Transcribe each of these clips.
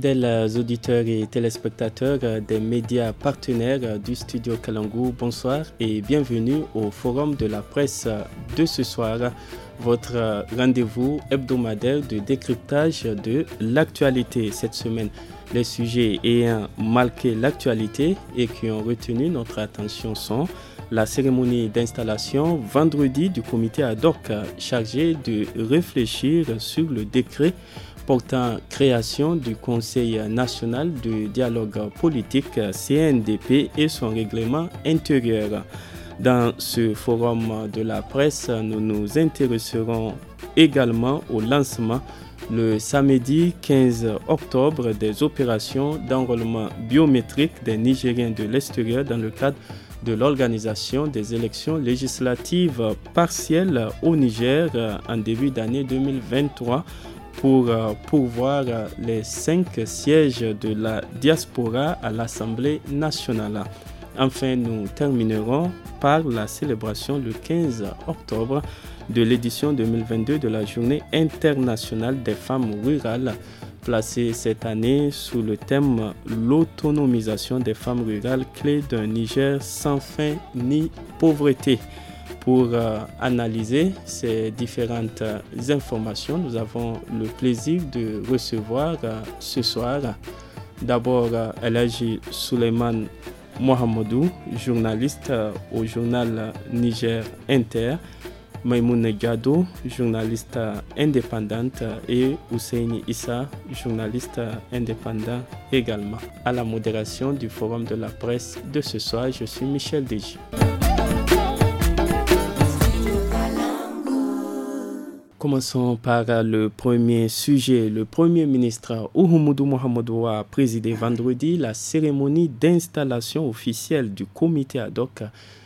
fidèles auditeurs et téléspectateurs des médias partenaires du studio Kalangou, bonsoir et bienvenue au Forum de la presse de ce soir, votre rendez-vous hebdomadaire de décryptage de l'actualité cette semaine. Les sujets ayant marqué l'actualité et qui ont retenu notre attention sont la cérémonie d'installation vendredi du comité ad hoc chargé de réfléchir sur le décret création du Conseil national du dialogue politique CNDP et son règlement intérieur. Dans ce forum de la presse, nous nous intéresserons également au lancement le samedi 15 octobre des opérations d'enrôlement biométrique des Nigériens de l'extérieur dans le cadre de l'organisation des élections législatives partielles au Niger en début d'année 2023 pour euh, pourvoir euh, les cinq sièges de la diaspora à l'Assemblée nationale. Enfin, nous terminerons par la célébration le 15 octobre de l'édition 2022 de la Journée internationale des femmes rurales, placée cette année sous le thème L'autonomisation des femmes rurales, clé d'un Niger sans fin ni pauvreté pour euh, analyser ces différentes euh, informations. Nous avons le plaisir de recevoir euh, ce soir d'abord Elagi Suleiman Mohamedou, journaliste au journal Niger Inter, Maïmoune Gado, journaliste indépendante, et Hussein Issa, journaliste indépendant également. À la modération du Forum de la presse de ce soir, je suis Michel Deji. Commençons par euh, le premier sujet. Le Premier ministre Ouhumoudou Mohamedou a présidé vendredi la cérémonie d'installation officielle du comité ad hoc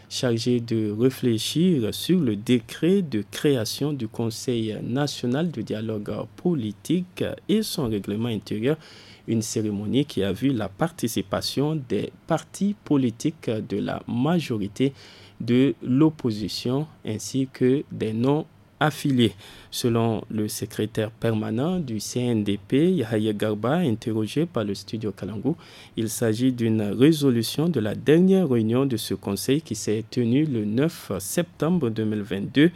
chargé de réfléchir sur le décret de création du Conseil national de dialogue politique et son règlement intérieur, une cérémonie qui a vu la participation des partis politiques de la majorité de l'opposition ainsi que des non affiliés. Selon le secrétaire permanent du CNDP, Yahya Garba, interrogé par le studio Kalangou, il s'agit d'une résolution de la dernière réunion de ce conseil qui s'est tenue le 9 septembre 2022,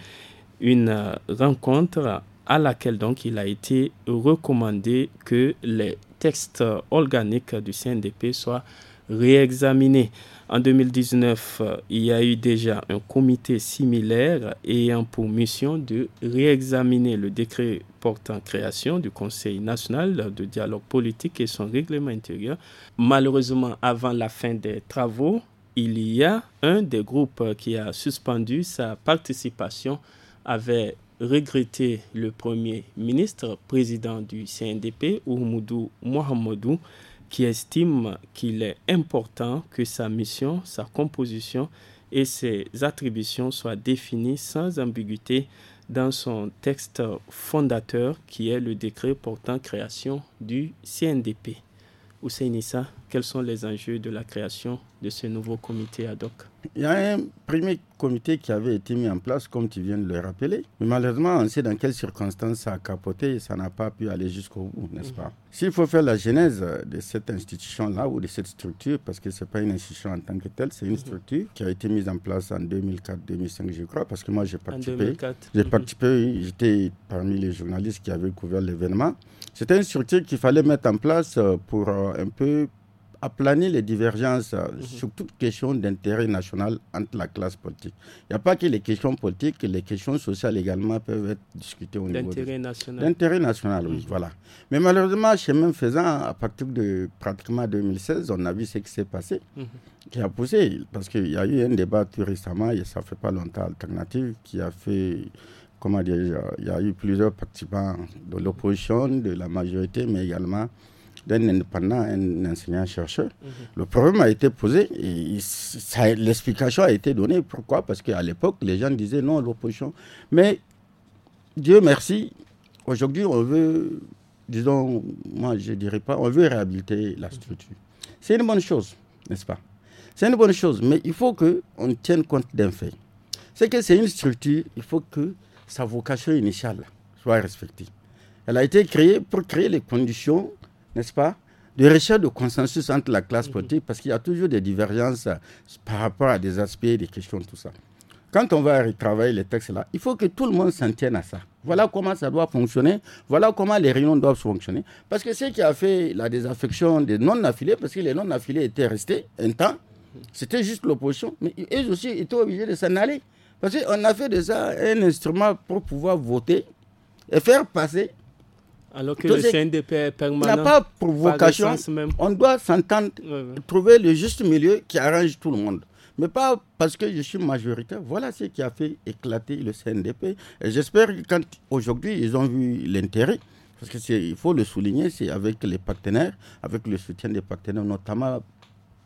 une euh, rencontre à laquelle donc il a été recommandé que les textes organiques du CNDP soient réexaminé. En 2019, euh, il y a eu déjà un comité similaire ayant pour mission de réexaminer le décret portant création du Conseil national de dialogue politique et son règlement intérieur. Malheureusement, avant la fin des travaux, il y a un des groupes qui a suspendu sa participation avait regretté le Premier ministre, président du CNDP, Oumoudou Mohamedou, qui estime qu'il est important que sa mission, sa composition et ses attributions soient définies sans ambiguïté dans son texte fondateur qui est le décret portant création du CNDP. Ousseinissa, quels sont les enjeux de la création de ce nouveau comité ad hoc Il y a un premier comité qui avait été mis en place, comme tu viens de le rappeler. Mais malheureusement, on sait dans quelles circonstances ça a capoté et ça n'a pas pu aller jusqu'au bout, n'est-ce pas mhm. S'il faut faire la genèse de cette institution-là ou de cette structure, parce que ce n'est pas une institution en tant que telle, c'est une mhm. structure qui a été mise en place en 2004-2005, je crois, parce que moi j'ai participé. J'ai mhm. participé, j'étais parmi les journalistes qui avaient couvert l'événement. C'était une structure qu'il fallait mettre en place euh, pour euh, un peu aplanir les divergences euh, mhm. sur toute question d'intérêt national entre la classe politique. Il n'y a pas que les questions politiques, les questions sociales également peuvent être discutées au niveau d'intérêt national. D'intérêt national, oui, mhm. voilà. Mais malheureusement, chez même faisant, à partir de pratiquement 2016, on a vu ce qui s'est passé, mhm. qui a poussé, parce qu'il y a eu un débat tout récemment, et ça fait pas longtemps, alternative, qui a fait comment dire, il y a eu plusieurs participants de l'opposition, de la majorité, mais également d'un indépendant, un enseignant-chercheur. Mhm. Le problème a été posé et l'explication a été donnée. Pourquoi Parce qu'à l'époque, les gens disaient non à l'opposition. Mais Dieu merci, aujourd'hui, on veut, disons, moi je dirais pas, on veut réhabiliter la structure. Mhm. C'est une bonne chose, n'est-ce pas C'est une bonne chose, mais il faut qu'on tienne compte d'un fait. C'est que c'est une structure, il faut que sa vocation initiale soit respectée. Elle a été créée pour créer les conditions, n'est-ce pas, de recherche de consensus entre la classe mhm. politique, parce qu'il y a toujours des divergences euh, par rapport à des aspects, des questions, tout ça. Quand on va retravailler les textes là, il faut que tout le monde s'en tienne à ça. Voilà comment ça doit fonctionner, voilà comment les réunions doivent fonctionner. Parce que ce qui a fait la désaffection des non-affiliés, parce que les non-affiliés étaient restés un temps, c'était juste l'opposition, mais eux aussi étaient obligés de s'en aller. Parce qu'on a fait déjà un instrument pour pouvoir voter et faire passer. Alors que le CNDP est permanent. n'a pas provocation. Pas même. On doit s'entendre, trouver le juste milieu qui arrange tout le monde. Mais pas parce que je suis majoritaire. Voilà ce qui a fait éclater le CNDP. J'espère qu'aujourd'hui ils ont vu l'intérêt, parce qu'il faut le souligner, c'est avec les partenaires, avec le soutien des partenaires, notamment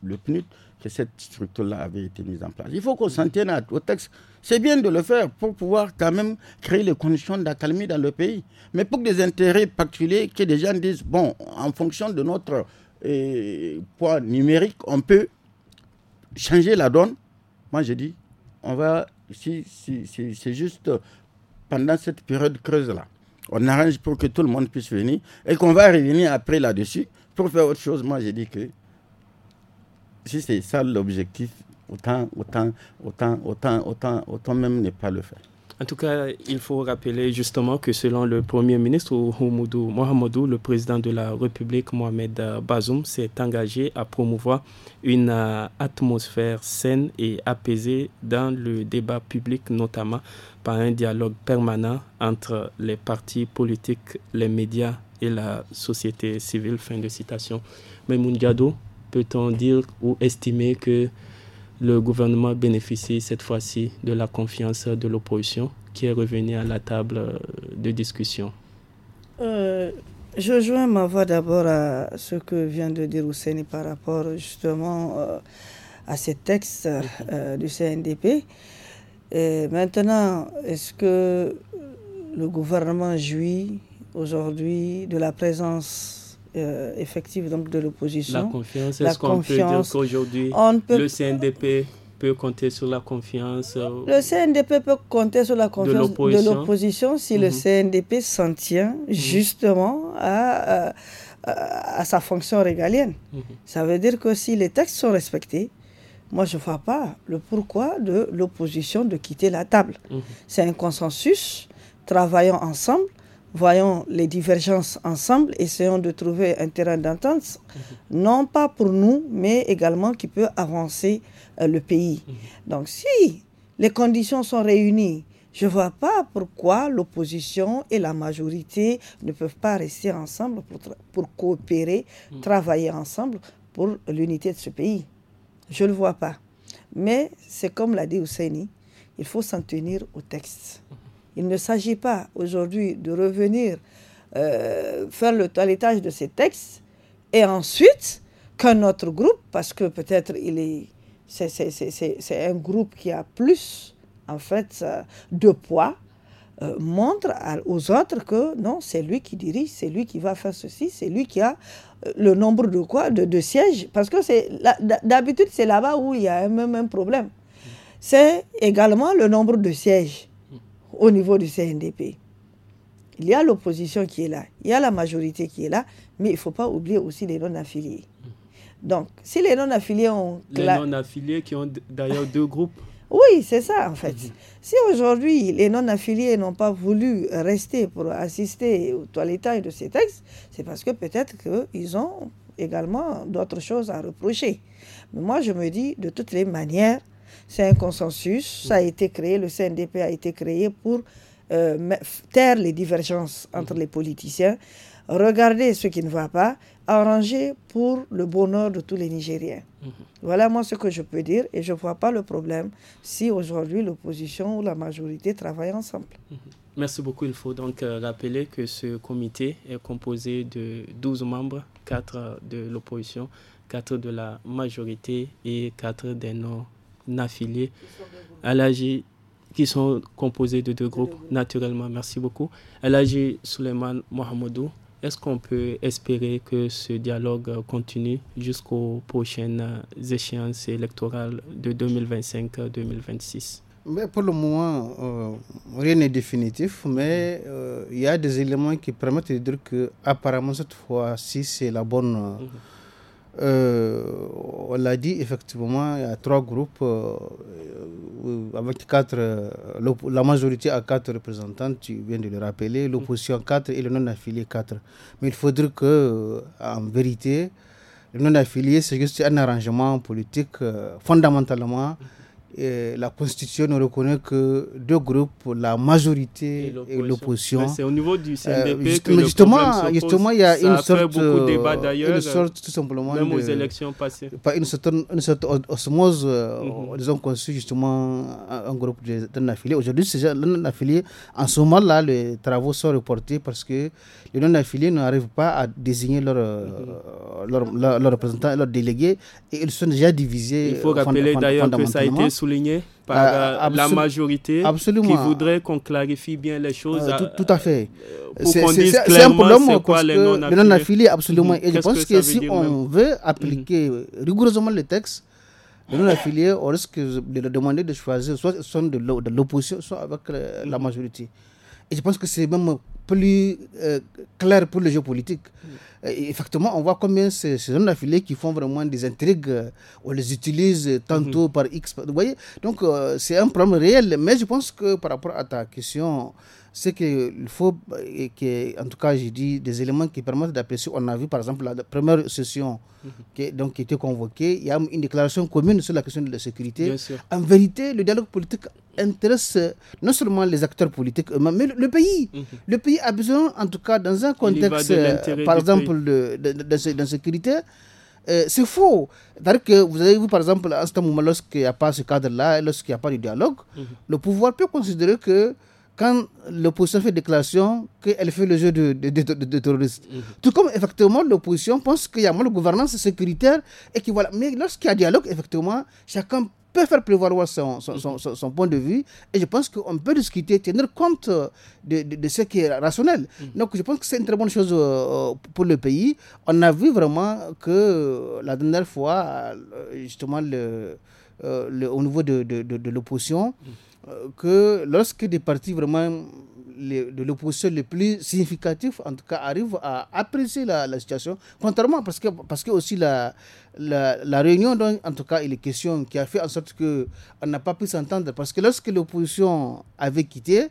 le PNUD, que cette structure-là avait été mise en place. Il faut qu'on s'en tienne au texte. C'est bien de le faire pour pouvoir quand même créer les conditions d'accalmie dans le pays. Mais pour que des intérêts particuliers, que des gens disent, bon, en fonction de notre eh, poids numérique, on peut changer la donne. Moi, je dis, on va, c'est juste pendant cette période creuse-là, on arrange pour que tout le monde puisse venir et qu'on va revenir après là-dessus pour faire autre chose. Moi, je dis que si c'est ça l'objectif, autant, autant, autant, autant, autant, autant même ne pas le faire. En tout cas, il faut rappeler justement que selon le Premier ministre Oumoudou Mohamedou, le président de la République Mohamed Bazoum s'est engagé à promouvoir une euh, atmosphère saine et apaisée dans le débat public, notamment par un dialogue permanent entre les partis politiques, les médias et la société civile. Fin de citation. Mais peut-on dire ou estimer que le gouvernement bénéficie cette fois-ci de la confiance de l'opposition qui est revenue à la table euh, de discussion euh, Je joins ma voix d'abord à ce que vient de dire Ousseini par rapport justement euh, à ces textes du CNDP. Et maintenant, est-ce que le gouvernement jouit aujourd'hui de la présence euh, effective donc de l'opposition. La confiance, est-ce qu'on peut dire qu'aujourd'hui, le CNDP peut compter sur la confiance euh, Le CNDP peut compter sur la confiance de l'opposition si le mhm. CNDP s'en tient mhm. justement euh, à, sa fonction régalienne. Mhm. Ça veut dire que si les textes sont respectés, moi, je ne vois pas le pourquoi de l'opposition de quitter la table. C'est un consensus, travaillons ensemble voyons les divergences ensemble, essayons de trouver un terrain d'entente, non pas pour nous, mais également qui peut avancer euh, le pays. Donc si les conditions sont réunies, je ne vois pas pourquoi l'opposition et la majorité ne peuvent pas rester ensemble pour, coopérer, travailler ensemble pour l'unité de ce pays. Je ne le vois pas. Mais c'est comme l'a dit Ousseini, il faut s'en tenir au texte. Il ne s'agit pas aujourd'hui de revenir euh, faire le toilettage de ces textes et ensuite qu'un autre groupe, parce que peut-être il est, c'est, un groupe qui a plus en fait euh, de poids, euh, montre aux autres que non, c'est lui qui dirige, c'est lui qui va faire ceci, c'est lui qui a le nombre de quoi, de, de sièges, parce que c'est d'habitude c'est là-bas où il y a même un problème. C'est également le nombre de sièges au niveau du CNDP. Il y a l'opposition qui est là, il y a la majorité qui est là, mais il ne faut pas oublier aussi les non-affiliés. Donc, si les non-affiliés ont... Les non-affiliés qui ont d'ailleurs deux groupes. Oui, c'est ça en fait. Si aujourd'hui les non-affiliés n'ont pas voulu rester pour assister au toilettage de ces textes, c'est parce que peut-être qu'ils ont également d'autres choses à reprocher. Mais moi, je me dis, de toutes les manières, c'est un consensus. Ça a mm-hmm. été créé, le CNDP a été créé pour euh, taire les divergences entre mm-hmm. les politiciens, regarder ce qui ne va pas, arranger pour le bonheur de tous les Nigériens. Mm-hmm. Voilà moi ce que je peux dire et je ne vois pas le problème si aujourd'hui l'opposition ou la majorité travaillent ensemble. Merci beaucoup. Il faut donc euh, rappeler que ce comité est composé de 12 membres, 4 de l'opposition, 4 de la majorité et 4 des non affiliés à qui sont composés de deux groupes naturellement. Merci beaucoup. l'AG Suleiman Mohamedou, est-ce qu'on peut espérer que ce dialogue continue jusqu'aux prochaines échéances électorales de 2025-2026 mais pour le moment, euh, rien n'est définitif, mais euh, il y a des éléments qui permettent de dire que apparemment cette fois-ci c'est la bonne euh, mhm. Euh, on l'a dit, effectivement, il y a trois groupes euh, euh, avec quatre, la majorité a quatre représentants, tu viens de le rappeler, l'opposition quatre et le non-affilié quatre. Mais il faudrait que, en vérité, le non-affilié, c'est juste un arrangement politique fondamentalement la Constitution ne reconnaît que deux groupes, la majorité et l'opposition. C'est au niveau du euh, CNDP que le justement, justement, il y a une sorte, fait beaucoup de débats euh, d'ailleurs, une sorte tout simplement, même aux élections passées, pas une sorte, une sorte osmose. Mm Ils ont conçu justement un groupe d'un affilié. Aujourd'hui, c'est un affilié. En ce moment-là, les travaux sont reportés parce que les non-affiliés n'arrivent pas à désigner leurs représentants leur, euh, leur, représentant, leur délégué, et ils sont déjà divisés. Il faut euh, rappeler d'ailleurs que ça a été souligné par ah, euh, la majorité qui voudrait qu'on clarifie bien les choses. Ah, tout, à fait. C'est un problème quoi les non-affiliés, absolument. Et je pense que, si on veut appliquer rigoureusement le texte, les non-affiliés, on risque de leur demander de choisir soit de l'opposition, soit avec la mm. majorité. Et je pense que c'est même plus euh, clair pour le jeu politique. Mm. effectivement, on voit combien ces zones d'affilée qui font vraiment des intrigues, euh, on les utilise tantôt mm-hmm. par X. Vous voyez Donc, euh, c'est un problème réel. Mais je pense que par rapport à ta question, c'est qu'il faut, et que, en tout cas, j'ai dit, des éléments qui permettent d'apprécier. On a vu, par exemple, la première session mm-hmm. qui, donc, été était convoquée, il y a une déclaration commune sur la question de la sécurité. En vérité, le dialogue politique intéresse non seulement les acteurs politiques eux-mêmes, mais le, pays. Le pays mm-hmm a besoin, en tout cas, dans un contexte, euh, par exemple, de, d'insécurité, euh, c'est faux. que vous avez vu, par exemple, à ce moment moment, lorsqu'il n'y a pas ce cadre-là, lorsqu'il n'y a pas de dialogue, mhm. le pouvoir peut considérer que quand l'opposition fait déclaration, qu'elle fait le jeu de, de, de, terroristes. Mhm. Tout comme, effectivement, l'opposition pense qu'il y a moins de gouvernance sécuritaire et que voilà. Mais lorsqu'il y a dialogue, effectivement, chacun peut faire prévaloir son, point de vue. Et je pense qu'on peut discuter, tenir compte de, ce qui est rationnel. Mm. Donc je pense que c'est une très bonne chose euh, pour le pays. On a vu vraiment que euh, la dernière fois, euh, justement, au niveau de, de l'opposition, mm. que lorsque des partis vraiment de l'opposition le plus significatif, en tout cas, arrive à apprécier la, situation, contrairement parce que, parce que aussi la, la, réunion, donc en tout cas, il est question, qui a fait en sorte qu'on n'a pas pu s'entendre, parce que lorsque l'opposition avait quitté,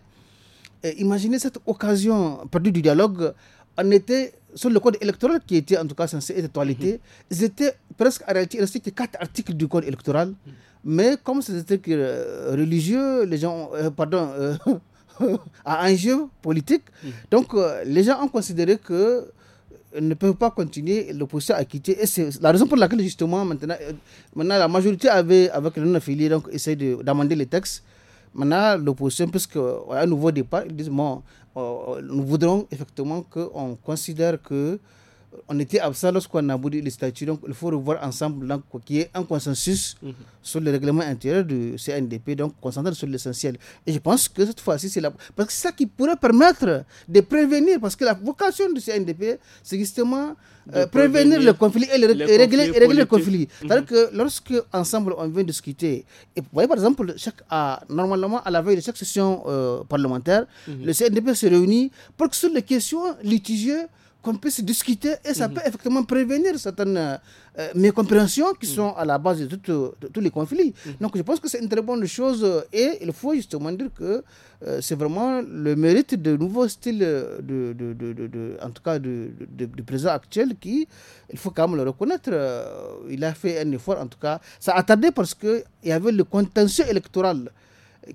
euh, imaginez cette occasion perdue du dialogue, on était sur le code électoral qui était en tout cas censé être toiletté, mhm. ils étaient presque il restait que quatre articles du code électoral. Mhm. Mais comme c'était euh, religieux, les gens, euh, pardon, à un jeu politique. Mm. Donc, euh, les gens ont considéré que ne peuvent pas continuer l'opposition à quitter. Et c'est la raison pour laquelle, justement, maintenant, euh, maintenant la majorité avait, avec le non-affilié, donc, de d'amender les textes. Maintenant, l'opposition, puisque a un nouveau départ, ils bon, euh, nous voudrons effectivement qu'on considère que on était absent lorsqu'on a abouti les statuts. Donc, il faut revoir ensemble qu'il y ait un consensus mhm. sur le règlement intérieur du CNDP, donc concentrer sur l'essentiel. Et je pense que cette fois-ci, c'est la... parce que c'est ça qui pourrait permettre de prévenir, parce que la vocation du CNDP, c'est justement euh, prévenir, le conflit et, régler, régler le conflit. Mhm. C'est-à-dire que lorsque ensemble on vient discuter, et vous voyez par exemple, chaque, normalement à la veille de chaque session euh, parlementaire, mhm. le CNDP se réunit pour que sur les questions litigieuses, qu'on puisse discuter et ça mhm. peut effectivement prévenir certaines euh, mécompréhensions qui mhm. sont à la base de, tous les conflits. Mhm. Donc je pense que c'est une très bonne chose et il faut justement dire que euh, c'est vraiment le mérite de nouveaux styles, de, en tout cas du présent actuel qui, il faut quand même le reconnaître, euh, il a fait un effort en tout cas. Ça a tardé parce qu'il y avait le contentieux électoral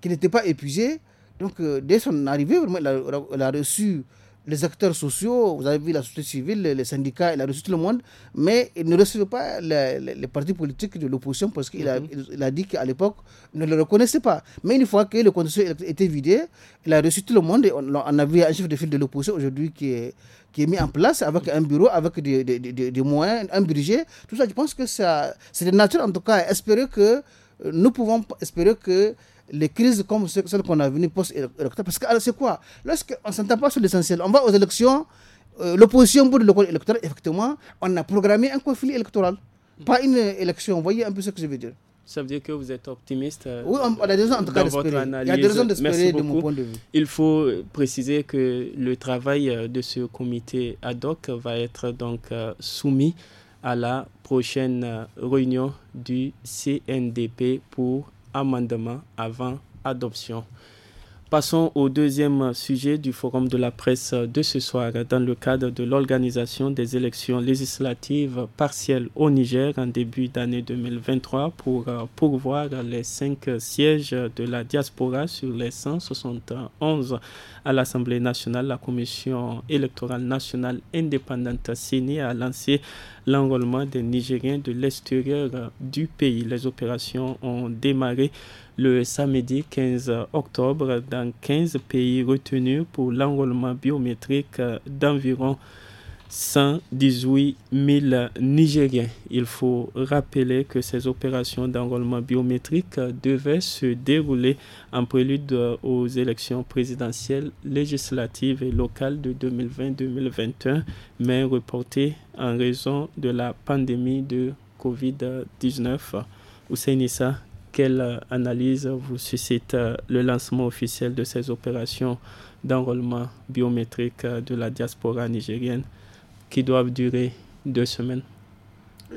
qui n'était pas épuisé. Donc dès son arrivée, vraiment, il a reçu les acteurs sociaux, vous avez vu la société civile, les syndicats, il a reçu tout le monde, mais il ne recevait pas les, partis politiques de l'opposition parce qu'il a, mhm. dit qu'à l'époque, ne le reconnaissait pas. Mais une fois que le conteneur était vidé, il a reçu tout le monde et on, a vu un chef de file de l'opposition aujourd'hui qui est, qui est mis en place avec un bureau, avec des, des, moyens, un budget. Tout ça, je pense que c'est de nature en tout cas espérer que euh, nous pouvons espérer que les crises comme celles qu'on a venues post-électorales. Parce que c'est quoi Lorsqu'on ne s'entend pas sur l'essentiel, on va aux élections, euh, l'opposition pour le code électoral, effectivement, on a programmé un conflit électoral, pas une élection. Vous voyez un peu ce que je veux dire ça veut dire que vous êtes optimiste. Euh, oui, on, a des raisons Il de mon Il faut préciser que le travail euh, de ce comité ad hoc va être donc soumis à la prochaine réunion du CNDP pour amendement avant adoption. Passons au deuxième sujet du forum de la presse de ce soir. Dans le cadre de l'organisation des élections législatives partielles au Niger en début d'année 2023 pour euh, pourvoir les cinq sièges de la diaspora sur les 171 à l'Assemblée nationale, la Commission électorale nationale indépendante signée a lancé l'enrôlement des Nigériens de l'extérieur euh, du pays. Les opérations ont démarré le samedi 15 octobre dans 15 pays retenus pour l'enrôlement biométrique euh, d'environ 118 000 Nigériens. Il faut rappeler que ces opérations d'enrôlement biométrique devaient se dérouler en prélude aux élections présidentielles, législatives et locales de 2020-2021, mais reportées en raison de la pandémie de COVID-19. Ousainissa, quelle analyse vous suscite le lancement officiel de ces opérations d'enrôlement biométrique de la diaspora nigérienne qui doivent durer deux semaines.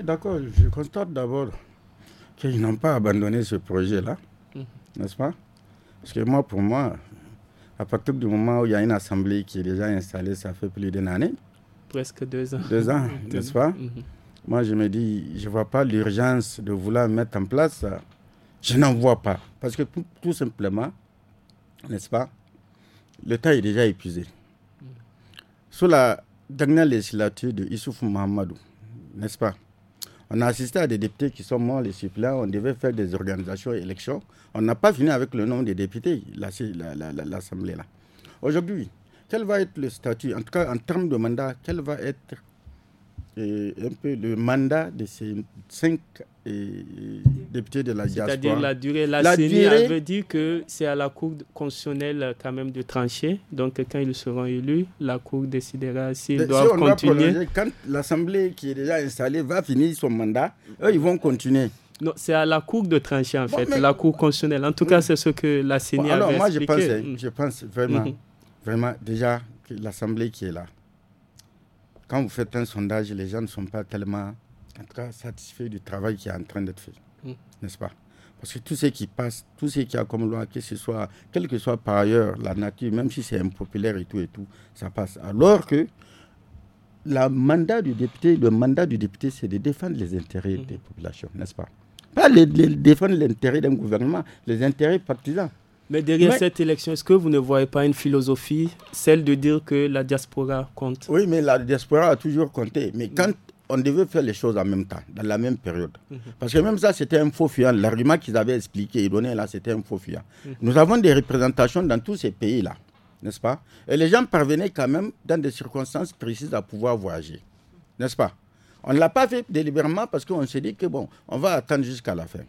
D'accord, je constate d'abord qu'ils n'ont pas abandonné ce projet-là, mhm. n'est-ce pas Parce que moi, pour moi, à partir du moment où il y a une assemblée qui est déjà installée, ça fait plus d'une année. Presque deux ans. Deux ans, n'est-ce pas mhm. Moi, je me dis, je ne vois pas l'urgence de vouloir mettre en place Je n'en vois pas. Parce que tout, simplement, n'est-ce pas, le temps est déjà épuisé. Mhm. Sous la Dernière législature de Issouf Mohamadou, n'est-ce pas On a assisté à des députés qui sont morts, les suppléants, on devait faire des organisations, et élections. On n'a pas fini avec le nom des députés, l'Assemblée là. Aujourd'hui, quel va être le statut En tout cas, en termes de mandat, quel va être un peu le mandat de ces cinq euh, députés de la diaspora. C'est-à-dire la durée. La, durée... veut dire que c'est à la Cour constitutionnelle euh, quand même de trancher. Donc quand ils seront élus, la Cour décidera s'ils doivent continuer. quand l'Assemblée qui est déjà installée va finir son mandat, eux, ils vont continuer. Non, c'est à la Cour de trancher en fait, la Cour constitutionnelle. En tout cas, c'est ce que la CENI alors, moi, je pense, mm. vraiment, mm-hmm. vraiment déjà que l'Assemblée qui est là, quand vous faites un sondage, les gens ne sont pas tellement satisfaits du travail qui est en train d'être fait. Hmm. N'est-ce pas Parce que tout ce qui passe, tout ce qui a comme loi, que ce soit, quelle que soit par ailleurs la nature, même si c'est impopulaire et tout et tout, ça passe. Alors que mandat du député, le mandat du député, c'est de défendre les intérêts hmm. des populations, n'est-ce pas Pas les défendre l'intérêt d'un gouvernement, les intérêts partisans. Mais derrière cette élection, est-ce que vous ne voyez pas une philosophie, celle de dire que la diaspora compte Oui, mais la diaspora a toujours compté. Mais mm. quand on devait faire les choses en même temps, dans la même période. Mm-hmm. Parce que même ça, c'était un faux fuyant. L'argument qu'ils avaient expliqué et donné là, c'était un faux fuyant. Mm. Nous avons des représentations dans tous ces pays-là, n'est-ce pas Et les gens parvenaient quand même, dans des circonstances précises, à pouvoir voyager, n'est-ce pas On ne l'a pas fait délibérément parce qu'on s'est dit que, bon, on va attendre jusqu'à la fin.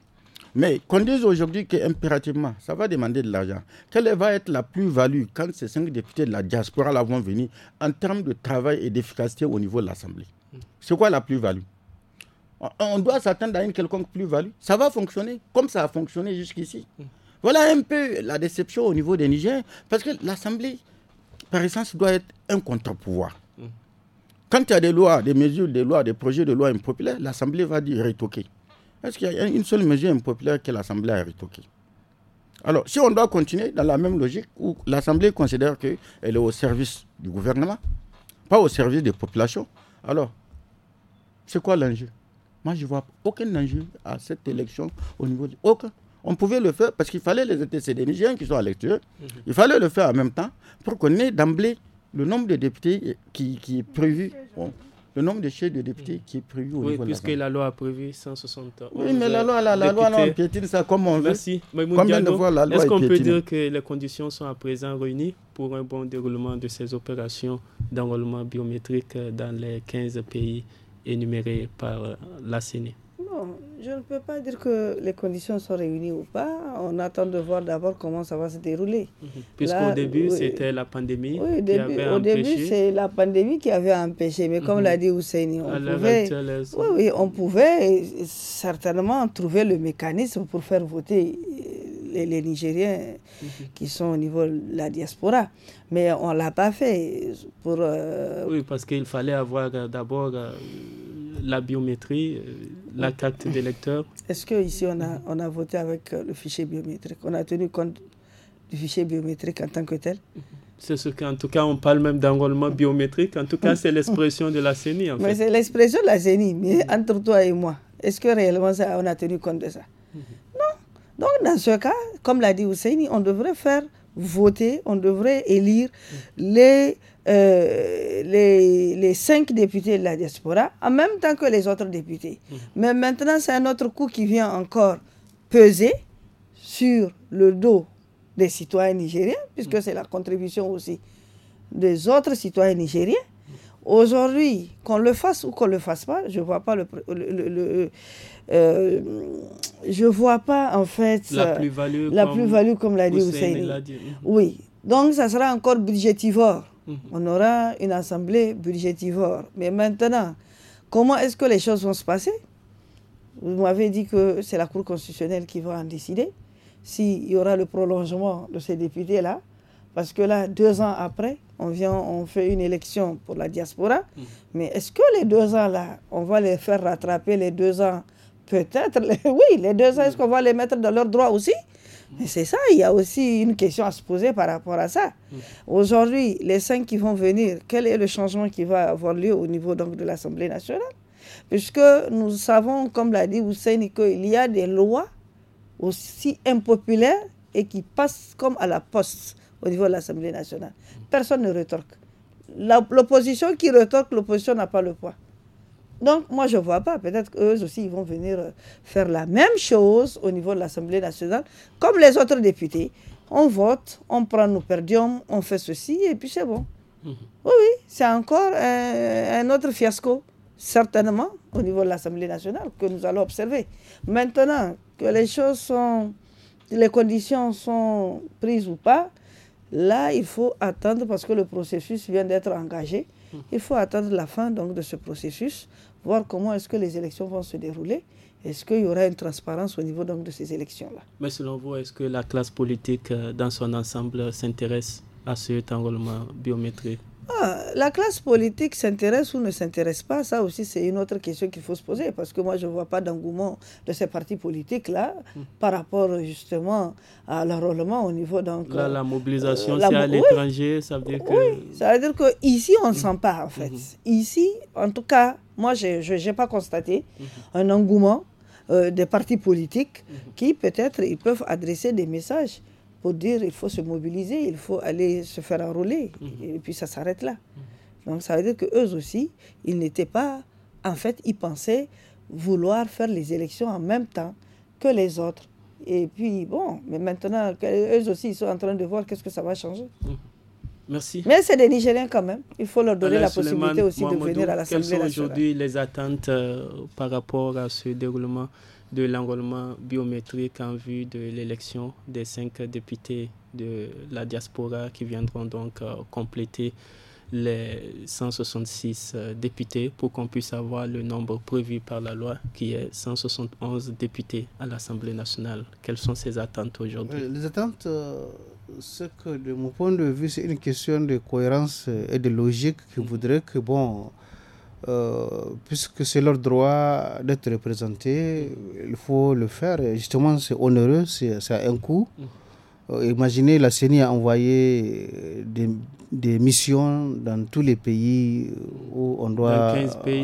Mais qu'on dise aujourd'hui qu'impérativement, ça va demander de l'argent. Quelle va être la plus-value quand ces cinq députés de la diaspora l'avont vont venir en termes de travail et d'efficacité au niveau de l'Assemblée C'est quoi la plus-value on doit s'attendre à une quelconque plus-value. Ça va fonctionner comme ça a fonctionné jusqu'ici. Voilà un peu la déception au niveau des Nigériens, parce que l'Assemblée, par essence, doit être un contre-pouvoir. Mm. Quand il y a des lois, des mesures, des lois, des projets de loi impopulaires, l'Assemblée va dire retoquer. Est-ce qu'il y a une seule mesure impopulaire que l'Assemblée a retoquée Alors, si on doit continuer dans la même logique où l'Assemblée considère qu'elle est au service du gouvernement, pas au service des populations, alors, c'est quoi l'enjeu Moi, je ne vois aucun enjeu à cette élection au niveau du... Aucun. On pouvait le faire parce qu'il fallait les ETC qui sont à mhm. Il fallait le faire en même temps pour qu'on ait d'emblée le nombre de députés qui, est prévu le nombre de chefs de députés qui est prévu au oui, niveau puisque la loi a prévu 160 ans. Oui, mais la loi, la, la loi, euh, on piétine ça comme on veut. Merci. Est-ce qu'on peut dire que les conditions sont à présent réunies pour un bon déroulement de ces opérations d'enrôlement biométrique dans les 15 pays énumérés par la CENI je ne peux pas dire que les conditions sont réunies ou pas. On attend de voir d'abord comment ça va se dérouler. Mhm. Puisqu'au début, c'était la pandémie oui, qui au début, c'est la pandémie qui avait empêché. Mais comme mhm. l'a dit Ousseini, on pouvait, oui, oui, on pouvait certainement trouver le mécanisme pour faire voter euh, les, Nigériens mhm. qui sont au niveau de la diaspora. Mais on ne l'a pas fait. Pour, euh, Oui, parce qu'il fallait avoir euh, d'abord la biométrie, euh, la carte des lecteurs. Est-ce qu'ici, on a, on a voté avec euh, le fichier biométrique On a tenu compte du fichier biométrique en tant que tel c'est ce qu'en tout cas, on parle même d'enrôlement biométrique. En tout cas, c'est l'expression de la CENI. mais c'est l'expression de la CENI. Mais mm-hmm. entre toi et moi, est-ce que réellement on a tenu compte de ça mm-hmm. Non. Donc, dans ce cas, comme l'a dit Ousseini, on devrait faire voter, on devrait élire mm. les euh, les, les, cinq députés de la diaspora en même temps que les autres députés. Mhm. Mais maintenant, c'est un autre coup qui vient encore peser sur le dos des citoyens nigériens, puisque mhm. c'est la contribution aussi des autres citoyens nigériens. Aujourd'hui, qu'on le fasse ou qu'on le fasse pas, je vois pas le, euh, je vois pas en fait la euh, plus-value, comme, l'a dit Hussein. Oui, donc ça sera encore budgétivore. Mhm. On aura une assemblée budgétivore. Mais maintenant, comment est-ce que les choses vont se passer Vous m'avez dit que c'est la Cour constitutionnelle qui va en décider s'il y aura le prolongement de ces députés-là. Parce que là, deux ans après, on vient, on fait une élection pour la diaspora. Mhm. Mais est-ce que les deux ans-là, on va les faire rattraper les deux ans Peut-être, oui, les deux ans, mhm. est-ce qu'on va les mettre dans leurs droits aussi mais c'est ça, il y a aussi une question à se poser par rapport à ça. Mm. Aujourd'hui, les cinq qui vont venir, quel est le changement qui va avoir lieu au niveau donc, de l'Assemblée nationale Puisque nous savons, comme l'a dit Hussein, qu'il y a des lois aussi impopulaires et qui passent comme à la poste au niveau de l'Assemblée nationale. Personne ne retorque. L'opposition qui retorque, l'opposition n'a pas le poids. Donc, moi, je ne vois pas. Peut-être qu'eux aussi, ils vont venir euh, faire la même chose au niveau de l'Assemblée nationale, comme les autres députés. On vote, on prend nos perdiums, on fait ceci, et puis c'est bon. Mhm. Oui, oui, c'est encore un, un, autre fiasco, certainement, au niveau de l'Assemblée nationale, que nous allons observer. Maintenant que les choses sont, les conditions sont prises ou pas, là, il faut attendre parce que le processus vient d'être engagé. Mhm. Il faut attendre la fin donc, de ce processus voir comment est-ce que les élections vont se dérouler. Est-ce qu'il y aura une transparence au niveau de ces élections-là Mais selon vous, est-ce que la classe politique euh, dans son ensemble s'intéresse à cet enrôlement biométrique ah, la classe politique s'intéresse ou ne s'intéresse pas, ça aussi c'est une autre question qu'il faut se poser, parce que moi je ne vois pas d'engouement de ces partis politiques-là hmm. par rapport justement à l'enrôlement au niveau... Donc, Là, la euh, mobilisation, c'est à l'étranger, ça veut dire que... ça veut dire qu'ici on ne sent hmm. pas en fait. Hmm. Ici, en tout cas, moi je n'ai pas constaté un engouement euh, des partis politiques qui peut-être ils peuvent adresser des messages pour dire il faut se mobiliser, il faut aller se faire enrôler. Mhm. Et puis ça s'arrête là. Donc ça veut dire qu'eux aussi, ils n'étaient pas, en fait, ils pensaient vouloir faire les élections en même temps que les autres. Et puis bon, mais maintenant, eux aussi, ils sont en train de voir qu'est-ce que ça va changer. Mhm. Merci. Mais c'est des Nigériens quand même. Il faut leur donner la possibilité aussi de venir à l'Assemblée nationale. Quelles sont aujourd'hui les attentes euh, par rapport à ce déroulement de l'enrôlement biométrique en vue de l'élection des cinq députés de la diaspora qui viendront donc euh, compléter les 166 euh, députés pour qu'on puisse avoir le nombre prévu par la loi qui est 171 députés à l'Assemblée nationale. Quelles sont ces attentes aujourd'hui Les attentes, euh, ce que de mon point de vue, c'est une question de cohérence et de logique qui mm. voudrait que, bon, euh, puisque c'est leur droit d'être représenté, il faut le faire. justement, c'est onéreux, c'est, ça un coût. Euh, imaginez, la CENI a envoyé euh, des, missions dans tous les pays euh, où on doit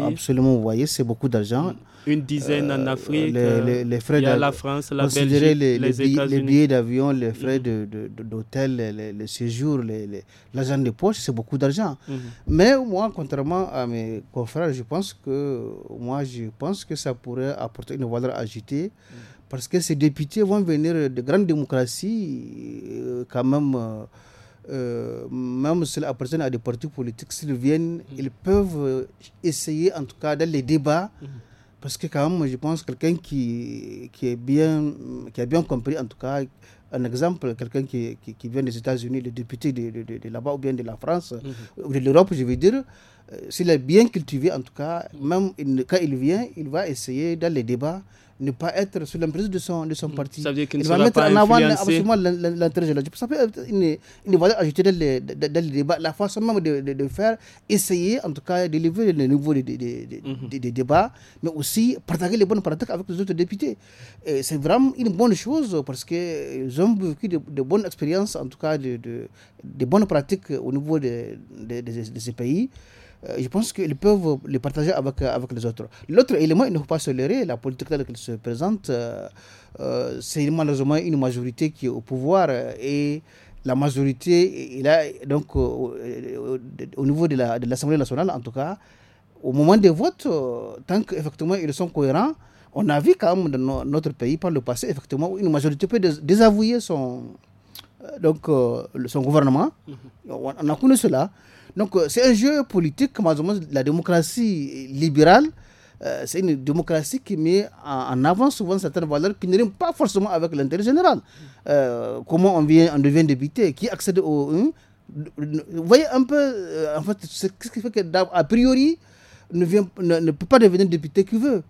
absolument envoyer. C'est beaucoup d'argent. Une dizaine en Afrique. Les, frais il y a la France, la Belgique, les, les billets d'avion, les frais mm-hmm. d'hôtel, les, les, séjours, l'argent de poche, c'est beaucoup d'argent. Mm-hmm. Mais moi, contrairement à mes confrères, je pense que moi, je pense que ça pourrait apporter une valeur ajoutée. Mm. Parce que ces députés vont venir de grandes démocraties, euh, quand même. Euh, euh, même même s'ils appartiennent à des partis politiques, s'ils viennent, mm-hmm. ils peuvent essayer, en tout cas dans les débats, mm-hmm. parce que quand même, je pense quelqu'un qui, qui, est bien, qui a bien compris, en tout cas, un exemple, quelqu'un qui, qui, vient des États-Unis, le député de, de, là-bas ou bien de la France, mm-hmm. ou de l'Europe, je veux dire, s'il est bien cultivé, en tout cas, même quand il vient, il va essayer dans les débats ne pas être sous l'emprise de son, de son hmm. parti. Ça veut dire qu'il ne va mettre en avant absolument l'intérêt général. Ça peut être une, une valeur ajoutée dans le, dans débat. La façon même de, de, faire, essayer en tout cas d'élever le niveau des de, de, hmm. débats, mais aussi partager les bonnes pratiques avec les autres députés. C'est vraiment une bonne chose parce qu'ils euh, ont vécu de, bonnes expériences, en tout cas de, bonnes pratiques au niveau de, de ces pays. Euh, je pense qu'ils peuvent les partager avec, avec les autres. L'autre élément, il ne faut pas se leurrer, la politique telle qu'elle se présente, euh, euh, c'est malheureusement une majorité qui est au pouvoir et la majorité, il a, donc, au niveau de l'Assemblée la, de nationale, en tout cas, au moment des votes, tant qu'effectivement ils sont cohérents, on a vu quand même dans notre pays par le passé, effectivement, une majorité peut désavouer son, donc, son gouvernement. Mhm. On a connu cela. Donc euh, c'est un jeu politique, la démocratie libérale, euh, c'est une démocratie qui met en, avant souvent certaines valeurs qui ne riment pas forcément avec l'intérêt général. Euh, comment on, vient, devient député, qui accède au... Hein, vous voyez un peu, en fait, ce qui fait que, a priori, ne, vient, ne, peut pas devenir député qui veut.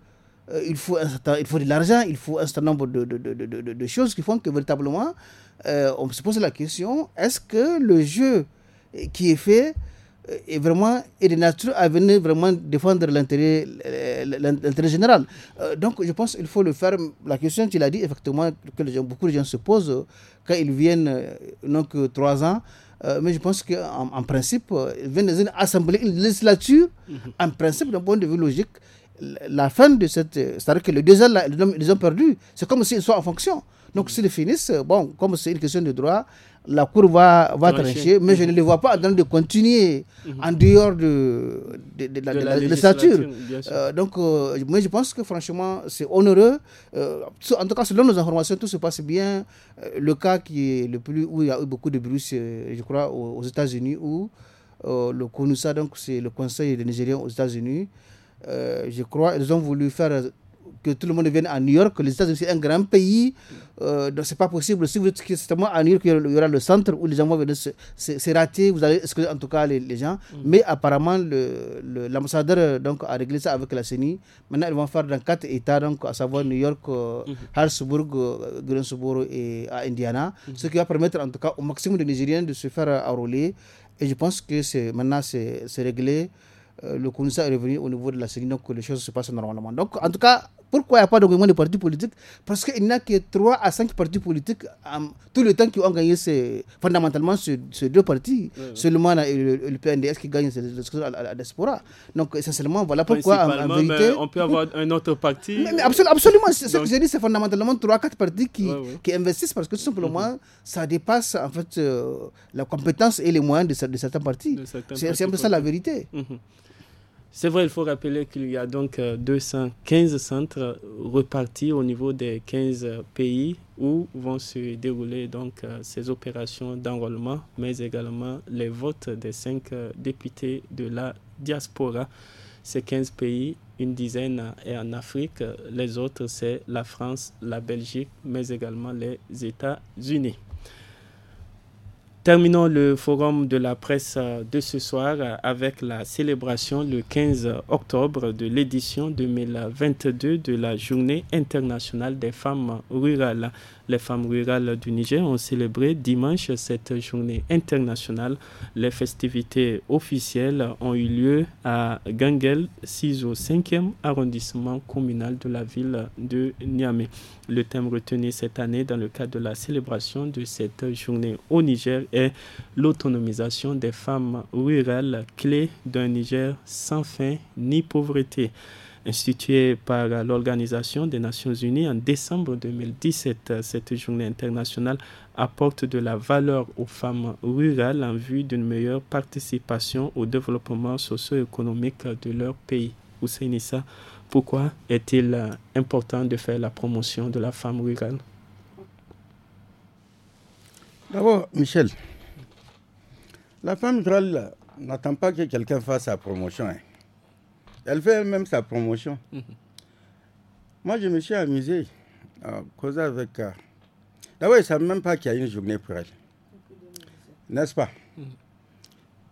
il, faut il faut de l'argent, il faut un certain nombre de, de choses qui font que véritablement, on se pose la question, est-ce que le jeu qui est fait euh, et vraiment et de nature à venir vraiment défendre l'intérêt euh, général. Euh, donc je pense qu'il faut le faire. La question, tu l'as dit, effectivement, que beaucoup de gens se posent quand ils viennent, non que trois ans, mais je pense qu'en en principe, ils viennent dans une assemblée, une législature, mhm. en principe, d'un point de vue logique, la fin de cette... C'est-à-dire que le deuxième, ils ont perdu. C'est comme s'ils soient en fonction. Donc mhm. s'ils finissent, bon, comme c'est une question de droit, la cour va, va trancher. mais je ne les vois pas en train de continuer mhm. en dehors de, de, la, la, euh, donc, euh, moi, je pense que franchement, c'est honoreux. Euh, en tout cas, selon nos informations, tout se passe bien. le cas qui est le plus où il y a eu beaucoup de bruit, je crois, aux, États-Unis, où le CONUSA, donc c'est le Conseil des Nigériens aux États-Unis, je crois, ils ont voulu faire que tout le monde vienne à New York. Les États-Unis, c'est un grand pays. Euh, donc, c'est pas possible. Si vous êtes à New York, il y aura le centre où les gens vont venir C'est raté, Vous allez excuser en tout cas les, gens. Mm. Mais apparemment, l'ambassadeur donc, a réglé ça avec la CENI. Maintenant, ils vont faire dans quatre États, donc, à savoir New York, euh, mm-hmm. Harrisburg, euh, Greensboro et à Indiana. Mm-hmm. Ce qui va permettre en tout cas au maximum de Nigériens de se faire euh, enrôler. Et je pense que maintenant, c'est réglé. le Kounsa est revenu au niveau de la CENI, donc les choses se passent normalement. Donc, en tout cas, pourquoi il n'y a pas d'augmentation de partis politiques Parce qu'il n'y a que 3 à 5 partis politiques euh, tout le temps qui ont gagné C'est fondamentalement ces, deux partis. Seulement le, PNDS qui gagne la diaspora. Donc, essentiellement, voilà pourquoi en, vérité. on peut avoir un autre parti. absolument, ce que j'ai dit, c'est fondamentalement 3-4 partis qui, investissent parce que tout simplement, ça dépasse en fait euh, la compétence et les moyens de, certains partis. C'est un peu ça la vérité. Mhm. C'est vrai, il faut rappeler qu'il y a donc 215 euh, centres repartis au niveau des 15 euh, pays où vont se dérouler donc euh, ces opérations d'enrôlement, mais également les votes des cinq députés de la diaspora. Ces 15 pays, une dizaine est en Afrique, les autres c'est la France, la Belgique, mais également les États-Unis. Terminons le forum de la presse euh, de ce soir euh, avec la célébration le 15 octobre de l'édition 2022 de la Journée internationale des femmes rurales les femmes rurales du Niger ont célébré dimanche cette journée internationale. Les festivités officielles ont eu lieu à Gangel, 6 au 5e arrondissement communal de la ville de Niamey. Le thème retenu cette année dans le cadre de la célébration de cette journée au Niger est l'autonomisation des femmes rurales, clé d'un Niger sans fin ni pauvreté instituée par l'Organisation des Nations Unies en décembre 2017. Cette journée internationale apporte de la valeur aux femmes rurales en vue d'une meilleure participation au développement socio-économique de leur pays. Nissa, pourquoi est-il important de faire la promotion de la femme rurale D'abord, Michel, la femme rurale n'attend pas que quelqu'un fasse sa promotion. Hein. Elle fait elle-même sa promotion. Moi, je me suis amusé à causer avec D'abord, ils ne même pas qu'il y a une journée pour elle. N'est-ce pas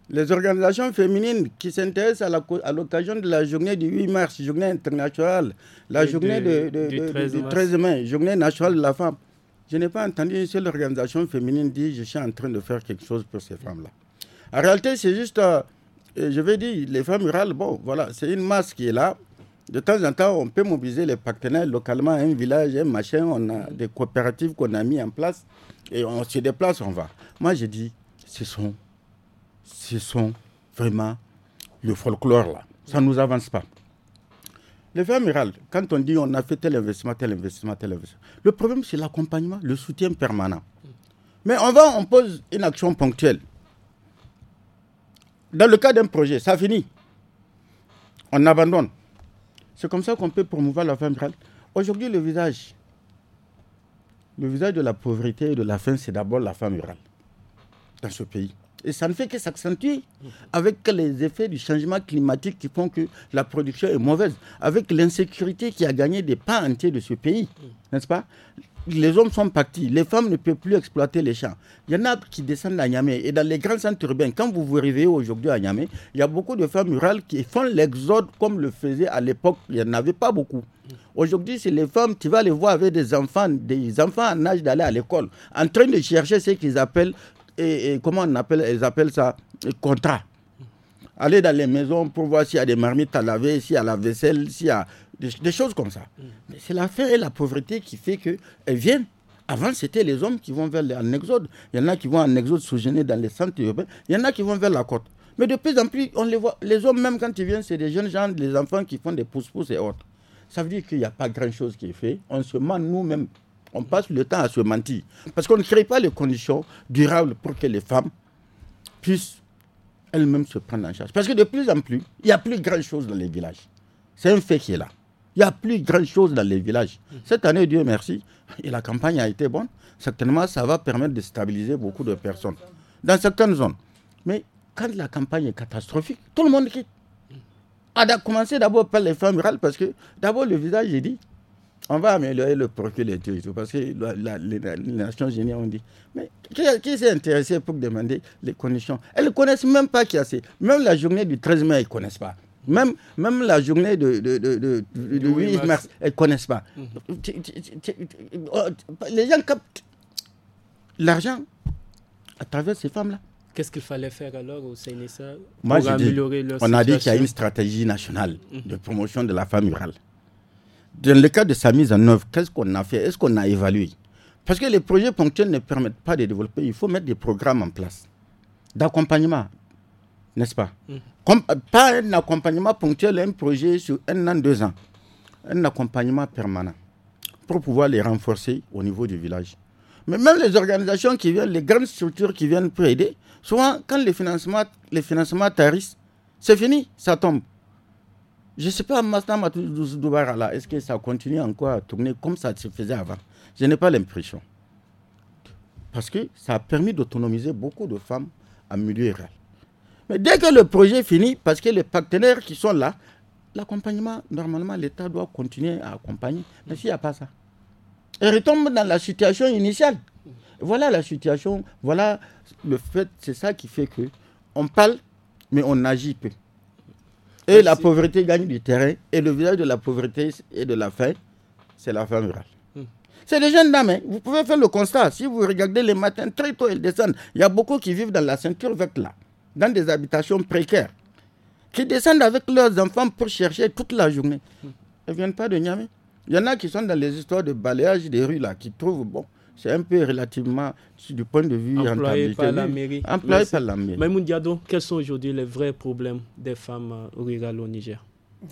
Les organisations féminines qui s'intéressent à l'occasion de la journée du 8 mars, journée internationale, la journée de, du, 13 mai, journée nationale de la femme, je n'ai pas entendu une seule organisation féminine dire je suis en train de faire quelque chose pour ces femmes-là. En réalité, c'est juste euh, je vais dire, les femmes rurales, bon, voilà, c'est une masse qui est là. De temps en temps, on peut mobiliser les partenaires localement, un village, un machin. On a des coopératives qu'on a mis en place et on se déplace, on va. Moi, je dis, ce sont, ce sont vraiment le folklore là. Ça ne nous avance pas. Les femmes rurales, quand on dit on a fait tel investissement, tel investissement, tel investissement, le problème c'est l'accompagnement, le soutien permanent. Mais on va, on pose une action ponctuelle dans le cas d'un projet, ça finit. On abandonne. C'est comme ça qu'on peut promouvoir la femme rurale. Aujourd'hui, le visage, le visage de la pauvreté et de la faim, c'est d'abord la femme rurale dans ce pays. Et ça ne fait que s'accentuer avec les effets du changement climatique qui font que la production est mauvaise, avec l'insécurité qui a gagné des pans entiers de ce pays, n'est-ce pas les hommes sont partis, les femmes ne peuvent plus exploiter les champs. Il y en a qui descendent à Niamey. Et dans les grands centres urbains, quand vous vous réveillez aujourd'hui à Niamey, il y a beaucoup de femmes rurales qui font l'exode comme le faisaient à l'époque. Il n'y en avait pas beaucoup. Aujourd'hui, c'est les femmes, tu vas les voir avec des enfants, des enfants en âge d'aller à l'école, en train de chercher ce qu'ils appellent, comment on appelle, ils appellent ça, contrat aller dans les maisons pour voir s'il y a des marmites à laver, s'il y a la vaisselle, s'il y a des, choses comme ça. Mais c'est la faim et la pauvreté qui fait qu'elles viennent. Avant, c'était les hommes qui vont vers l'exode. Il y en a qui vont en exode sojourner dans les centres urbains. Il y en a qui vont vers la côte. Mais de plus en plus, on les voit. Les hommes, même quand ils viennent, c'est des jeunes gens, des enfants qui font des pouces-pouces et autres. Ça veut dire qu'il n'y a pas grand-chose qui est fait. On se ment nous-mêmes. On passe le temps à se mentir. Parce qu'on ne crée pas les conditions durables pour que les femmes puissent elles-mêmes se prendre en charge. Parce que de plus en plus, il n'y a plus grand-chose dans les villages. C'est un fait qui est là. Il n'y a plus grand chose dans les villages. Cette année, Dieu merci, et la campagne a été bonne. Certainement, ça va permettre de stabiliser beaucoup de personnes dans certaines zones. Mais quand la campagne est catastrophique, tout le monde quitte. A ah, commencé d'abord par les femmes rurales parce que d'abord le village, j'ai dit, on va améliorer le profil des parce que les, Nations Unies ont dit. Mais qui, s'est intéressé pour demander les conditions Elles ne connaissent même pas qui a Même la journée du 13 mai, ils ne connaissent pas. Même, même la journée de, de, de, 8 mars, elles ne connaissent pas. Mm. Oh, les gens captent l'argent à travers ces femmes-là. Qu'est-ce qu'il fallait faire alors au CNSA pour améliorer leur On a dit qu'il y a une stratégie nationale mm. de promotion de la femme rurale. Dans le cas de sa mise en œuvre, qu'est-ce qu'on a fait Est-ce qu'on a évalué Parce que les projets ponctuels ne permettent pas de développer. Il faut mettre des programmes en place d'accompagnement, n'est-ce pas mm. Pas un accompagnement ponctuel, un projet sur un an, deux ans. Un accompagnement permanent pour pouvoir les renforcer au niveau du village. Mais même les organisations qui viennent, les grandes structures qui viennent pour aider, souvent quand les financements, les tarissent, c'est fini, ça tombe. Je ne sais pas, maintenant, est-ce que ça continue encore à tourner comme ça se faisait avant Je n'ai pas l'impression. Parce que ça a permis d'autonomiser beaucoup de femmes en milieu rural. Mais dès que le projet finit, parce que les partenaires qui sont là, l'accompagnement, normalement, l'État doit continuer à accompagner. Mais s'il n'y a pas ça, elle retombe dans la situation initiale. Voilà la situation, voilà le fait, c'est ça qui fait que on parle, mais on agit peu. Et la pauvreté gagne du terrain, et le visage de la pauvreté et de la faim, c'est la faim rurale. Hmm. C'est des jeunes dames. Hein. Vous pouvez faire le constat. Si vous regardez les matins très tôt, elles descendent. Il y a beaucoup qui vivent dans la ceinture verte là dans des habitations précaires, qui descendent avec leurs enfants pour chercher toute la journée. Elles ne viennent pas de Niamey. Il y en a qui sont dans les histoires de balayage des rues, là, qui trouvent, bon, c'est un peu relativement, du point de vue... Employé par la mairie. Employé par la mairie. Mais quels sont aujourd'hui les vrais problèmes des femmes euh, rurales au Niger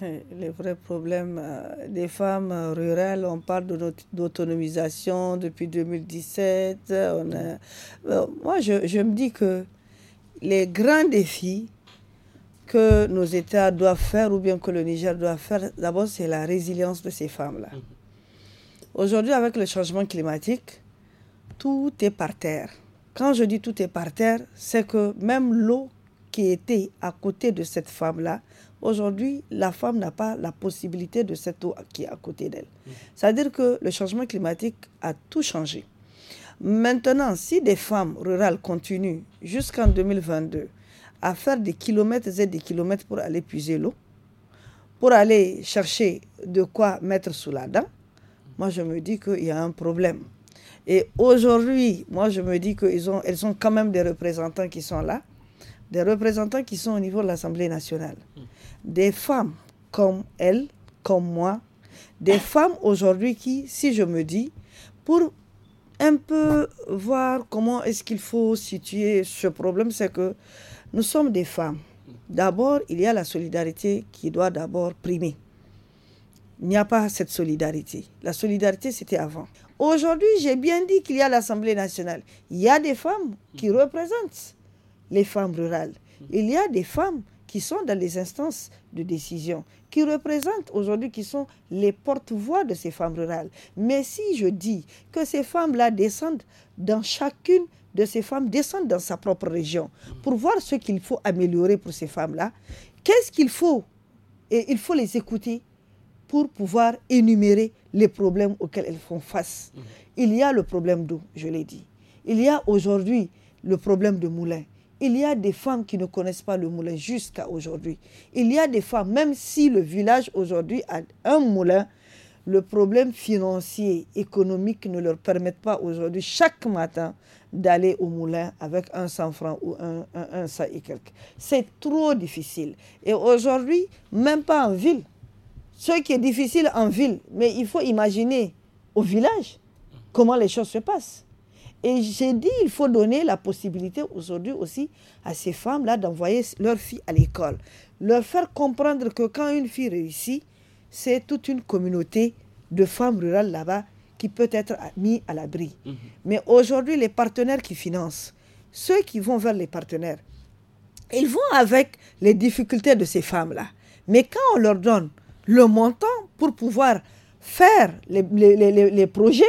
les vrais problèmes euh, des femmes euh, rurales, on parle de d'autonomisation depuis 2017. Moi, je, me dis que les grands défis que nos États doivent faire ou bien que le Niger doit faire, d'abord, c'est la résilience de ces femmes-là. Mhm. Aujourd'hui, avec le changement climatique, tout est par terre. Quand je dis tout est par terre, c'est que même l'eau qui était à côté de cette femme-là, aujourd'hui, la femme n'a pas la possibilité de cette eau qui est à côté d'elle. Mhm. C'est-à-dire que le changement climatique a tout changé. Maintenant, si des femmes rurales continuent jusqu'en 2022 à faire des kilomètres et des kilomètres pour aller puiser l'eau, pour aller chercher de quoi mettre sous la dent, moi je me dis qu'il y a un problème. Et aujourd'hui, moi je me dis qu'elles ont, elles ont quand même des représentants qui sont là, des représentants qui sont au niveau de l'Assemblée nationale. Des femmes comme elles, comme moi, des femmes aujourd'hui qui, si je me dis, pour un peu voir comment est-ce qu'il faut situer ce problème, c'est que nous sommes des femmes. D'abord, il y a la solidarité qui doit d'abord primer. Il n'y a pas cette solidarité. La solidarité, c'était avant. Aujourd'hui, j'ai bien dit qu'il y a l'Assemblée nationale. Il y a des femmes qui représentent les femmes rurales. Il y a des femmes qui sont dans les instances de décision, qui représentent aujourd'hui, qui sont les porte-voix de ces femmes rurales. Mais si je dis que ces femmes-là descendent dans chacune de ces femmes, descendent dans sa propre région, pour voir ce qu'il faut améliorer pour ces femmes-là, qu'est-ce qu'il faut Et il faut les écouter pour pouvoir énumérer les problèmes auxquels elles font face. Mmh. Il y a le problème d'eau, je l'ai dit. Il y a aujourd'hui le problème de moulins. Il y a des femmes qui ne connaissent pas le moulin jusqu'à aujourd'hui. Il y a des femmes, même si le village aujourd'hui a un moulin, le problème financier, économique ne leur permet pas aujourd'hui, chaque matin, d'aller au moulin avec un 100 francs ou un, un, et quelques. C'est trop difficile. Et aujourd'hui, même pas en ville. Ce qui est difficile en ville, mais il faut imaginer au village comment les choses se passent. Et j'ai dit, il faut donner la possibilité aujourd'hui aussi à ces femmes-là d'envoyer leurs filles à l'école. Leur faire comprendre que quand une fille réussit, c'est toute une communauté de femmes rurales là-bas qui peut être mise à l'abri. Mhm. Mais aujourd'hui, les partenaires qui financent, ceux qui vont vers les partenaires, ils vont avec les difficultés de ces femmes-là. Mais quand on leur donne le montant pour pouvoir faire les, les projets,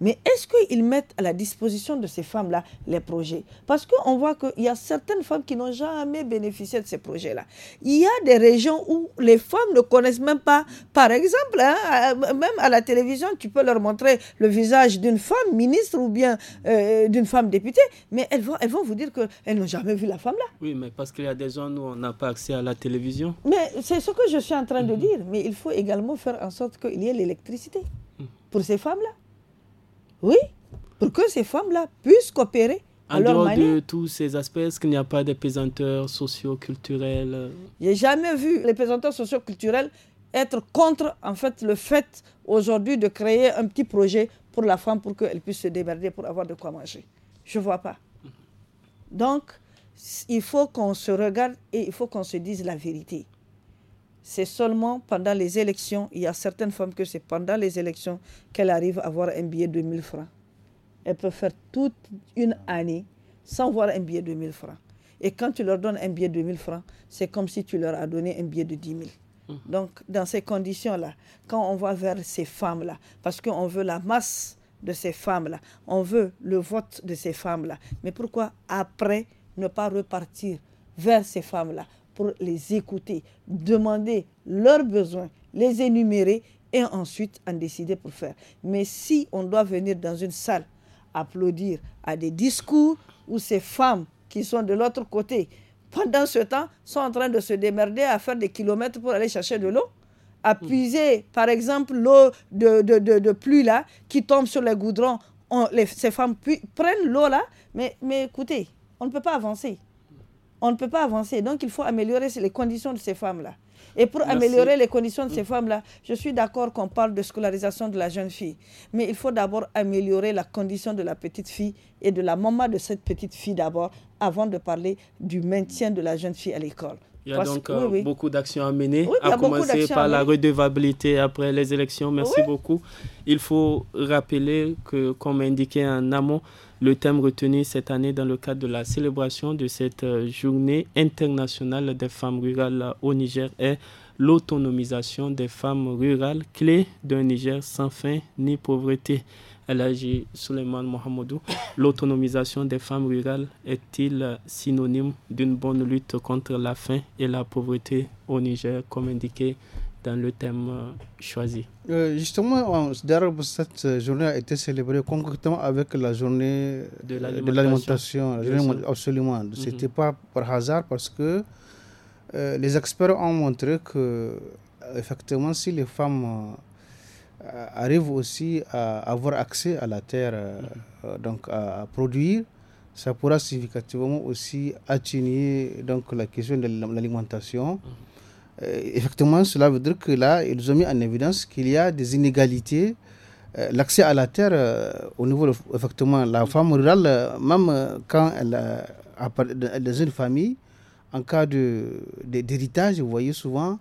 mais est-ce qu'ils mettent à la disposition de ces femmes-là les projets Parce qu'on voit qu'il y a certaines femmes qui n'ont jamais bénéficié de ces projets-là. Il y a des régions où les femmes ne connaissent même pas. Par exemple, hein, euh, même à la télévision, tu peux leur montrer le visage d'une femme ministre ou bien euh, d'une femme députée, mais elles vont, elles vont vous dire qu'elles n'ont jamais vu la femme-là. Oui, mais parce qu'il y a des zones où on n'a pas accès à la télévision. Mais c'est ce que je suis en train de mm-hmm. dire. Mais il faut également faire en sorte qu'il y ait l'électricité mm. pour ces femmes-là. Oui, pour que ces femmes-là puissent coopérer. En dehors de tous ces aspects, est-ce qu'il n'y a pas des pesanteurs socio-culturels euh? J'ai jamais vu les pesanteurs socio-culturels être contre en fait le fait aujourd'hui de créer un petit projet pour la femme pour qu'elle puisse se démerder pour avoir de quoi manger. Je ne vois pas. Mhm. Donc, il faut qu'on se regarde et il faut qu'on se dise la vérité c'est seulement pendant les élections, il y a certaines femmes que c'est pendant les élections qu'elles arrivent à avoir un billet de 1000 francs. Elles peuvent faire toute une année sans voir un billet de 1000 francs. Et quand tu leur donnes un billet de 1000 francs, c'est comme si tu leur as donné un billet de 10 000. Mmh. Donc, dans ces conditions-là, quand on va vers ces femmes-là, parce qu'on veut la masse de ces femmes-là, on veut le vote de ces femmes-là, mais pourquoi après ne pas repartir vers ces femmes-là pour les écouter, demander leurs besoins, les énumérer et ensuite en décider pour faire. Mais si on doit venir dans une salle applaudir à des discours où ces femmes qui sont de l'autre côté, pendant ce temps, sont en train de se démerder à faire des kilomètres pour aller chercher de l'eau, à puiser, hmm. par exemple, l'eau de, de, pluie là, qui tombe sur les goudrons. ces femmes prennent l'eau là, mais, mais écoutez, on ne peut pas avancer on ne peut pas avancer. Donc, il faut améliorer les conditions de ces femmes-là. Et pour améliorer les conditions de ces mm. femmes-là, je suis d'accord qu'on parle de scolarisation de la jeune fille. Mais il faut d'abord améliorer la condition de la petite fille et de la maman de cette petite fille d'abord, avant de parler du maintien de la jeune fille à l'école. Il y a donc euh, beaucoup d'actions à mener, à commencer par la redevabilité après les élections. Merci beaucoup. Il faut rappeler que, comme indiqué en amont, le thème retenu cette année dans le cadre de la célébration de cette euh, journée internationale des femmes rurales au Niger est l'autonomisation des femmes rurales, clé d'un Niger sans faim ni pauvreté. dit Suleiman Mohamedou, l'autonomisation des femmes rurales est-il synonyme d'une bonne lutte contre la faim et la pauvreté au Niger, comme indiqué dans le thème euh, choisi. Euh, justement, cette journée a été célébrée concrètement avec la journée de l'alimentation. Absolument. Mhm. Ce n'était pas par hasard parce que euh, les experts ont montré que, euh, effectivement, si les femmes euh, arrivent aussi à avoir accès à la terre, mm-hmm. donc à, produire, ça pourra significativement aussi atténuer donc, la question de l'alimentation. Mm-hmm. effectivement, cela veut dire que là, ils ont mis en évidence qu'il y a des inégalités l'accès à la terre au niveau de, effectivement la femme rurale même quand elle est dans une famille en cas d'héritage, de, d'héritage, vous voyez souvent,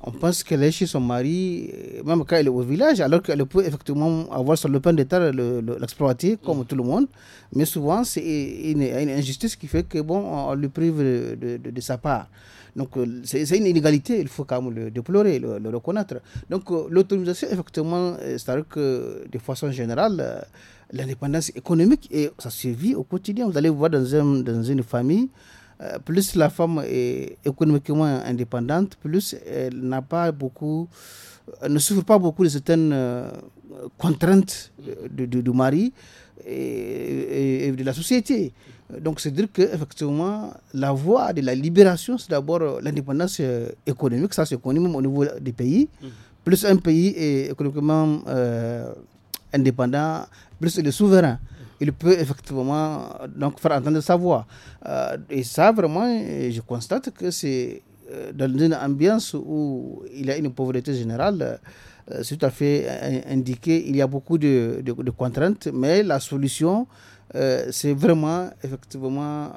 on pense qu'elle est chez son mari, euh, même quand elle est au village, alors qu'elle peut effectivement avoir sur le pain d'état l'exploiter comme tout le monde. Mais souvent, c'est une, injustice qui fait que bon, on, lui prive de, de, sa part. Donc, euh, c'est une inégalité, il faut quand même le déplorer, le, le reconnaître. Donc, euh, l'autonomisation, effectivement, c'est-à-dire que de façon générale, l'indépendance économique et ça se vit au quotidien. Vous allez voir dans, dans une famille, euh, plus la femme est économiquement indépendante, plus elle n'a pas beaucoup, euh, ne souffre pas beaucoup de certaines euh, contraintes du mari et, de la société. Donc, c'est dire qu'effectivement, la voie de la libération, c'est d'abord l'indépendance économique, ça c'est connu même au niveau des pays. Mmh. Plus un pays est économiquement indépendant, plus il est souverain il peut effectivement donc faire entendre sa voix. Euh, et ça, vraiment, je constate que c'est euh, dans une ambiance où il y a une pauvreté générale, euh, c'est tout à fait indiqué. Il y a beaucoup de, contraintes, mais la solution, c'est vraiment effectivement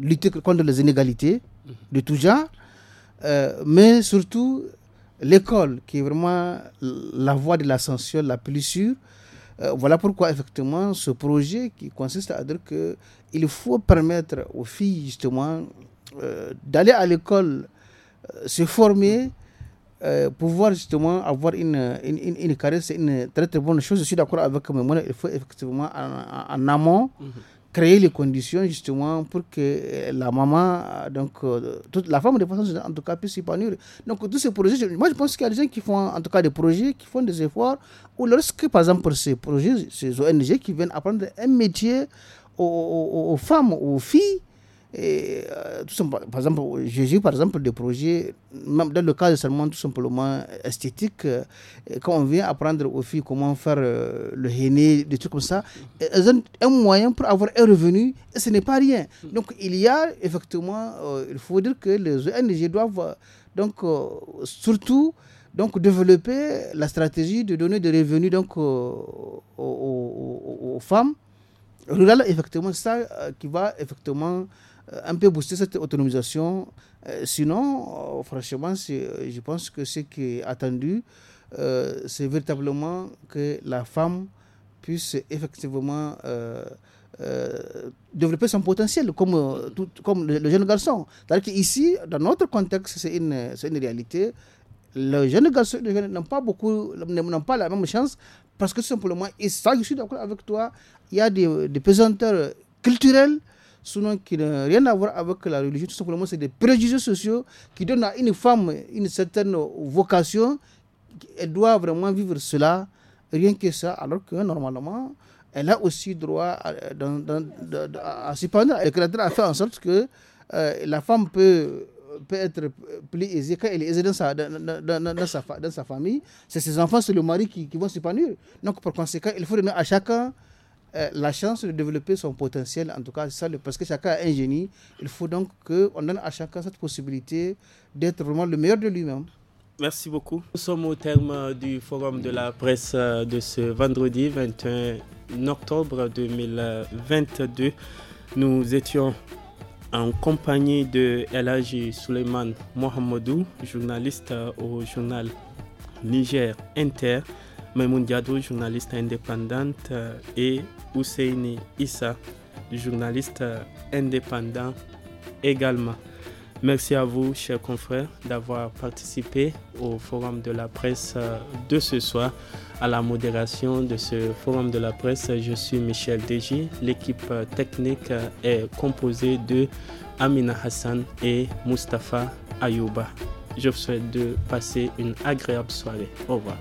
lutter contre les inégalités mhm. de tout genre, mais surtout l'école, qui est vraiment la voie de l'ascension la plus sûre. Euh, voilà pourquoi, effectivement, ce projet qui consiste à dire qu'il faut permettre aux filles, justement, euh, d'aller à l'école, euh, se former, pouvoir justement avoir une, carrière, c'est une très très bonne chose. Je suis d'accord avec Mémoire, il faut effectivement en, amont. Mhm créer les conditions justement pour que euh, la maman, euh, donc euh, toute la femme de façon en tout cas puisse s'épanouir. Donc tous ces projets, moi je pense qu'il y a des gens qui font en tout cas des projets, qui font des efforts, ou lorsque par exemple pour ces projets, ces ONG qui viennent apprendre un métier aux femmes, aux filles, et, euh, tout simplement par exemple, j'ai par exemple des projets, même dans le de seulement tout simplement esthétique, euh, quand on vient apprendre aux filles comment faire euh, le henné, des trucs comme ça, elles ont un moyen pour avoir un revenu, et ce n'est pas rien. Donc il y a effectivement, il faut dire que les ONG doivent donc surtout donc développer la stratégie de donner des revenus donc aux, femmes rurales effectivement ça qui va effectivement euh, un peu booster cette autonomisation. Euh, sinon, euh, franchement, je pense que ce qui est attendu, c'est véritablement que la femme puisse effectivement développer son potentiel comme, comme le, jeune garçon. Ici, dans notre contexte, c'est une, réalité. Le jeune garçon et n'ont pas beaucoup, n'ont pas la même chance parce que simplement, et ça, je suis d'accord avec toi, il y a des, des pesanteurs culturelles sinon qui n'a rien à voir avec la religion. Tout simplement, c'est des préjugés sociaux qui donnent à une femme une certaine vocation. Elle doit vraiment vivre cela, rien que ça, alors que normalement, elle a aussi droit à, à, s'épanouir. Le créateur a fait en sorte que euh, la femme peut peut être plus aisée quand elle est aisée dans sa, dans, sa, famille. C'est ses enfants, c'est le mari qui, qui vont s'épanouir. Donc, par conséquent, il faut donner à chacun euh, la chance de développer son potentiel, en tout cas, ça, parce que chacun a un génie. Il faut donc qu'on donne à chacun cette possibilité d'être vraiment le meilleur de lui-même. Merci beaucoup. Nous sommes au terme du forum de la presse euh, de ce vendredi 21 octobre 2022. Nous étions en compagnie de Elhaji Suleiman Mohamedou, journaliste euh, au journal Niger Inter. Maimoun Diadou, journaliste indépendante, euh, et Husseini Issa, journaliste euh, indépendant également. Merci à vous, chers confrères, d'avoir participé au Forum de la presse euh, de ce soir. À la modération de ce Forum de la presse, je suis Michel Deji. L'équipe technique est composée de Amina Hassan et Mustapha Ayouba. Je vous souhaite de passer une agréable soirée. Au revoir.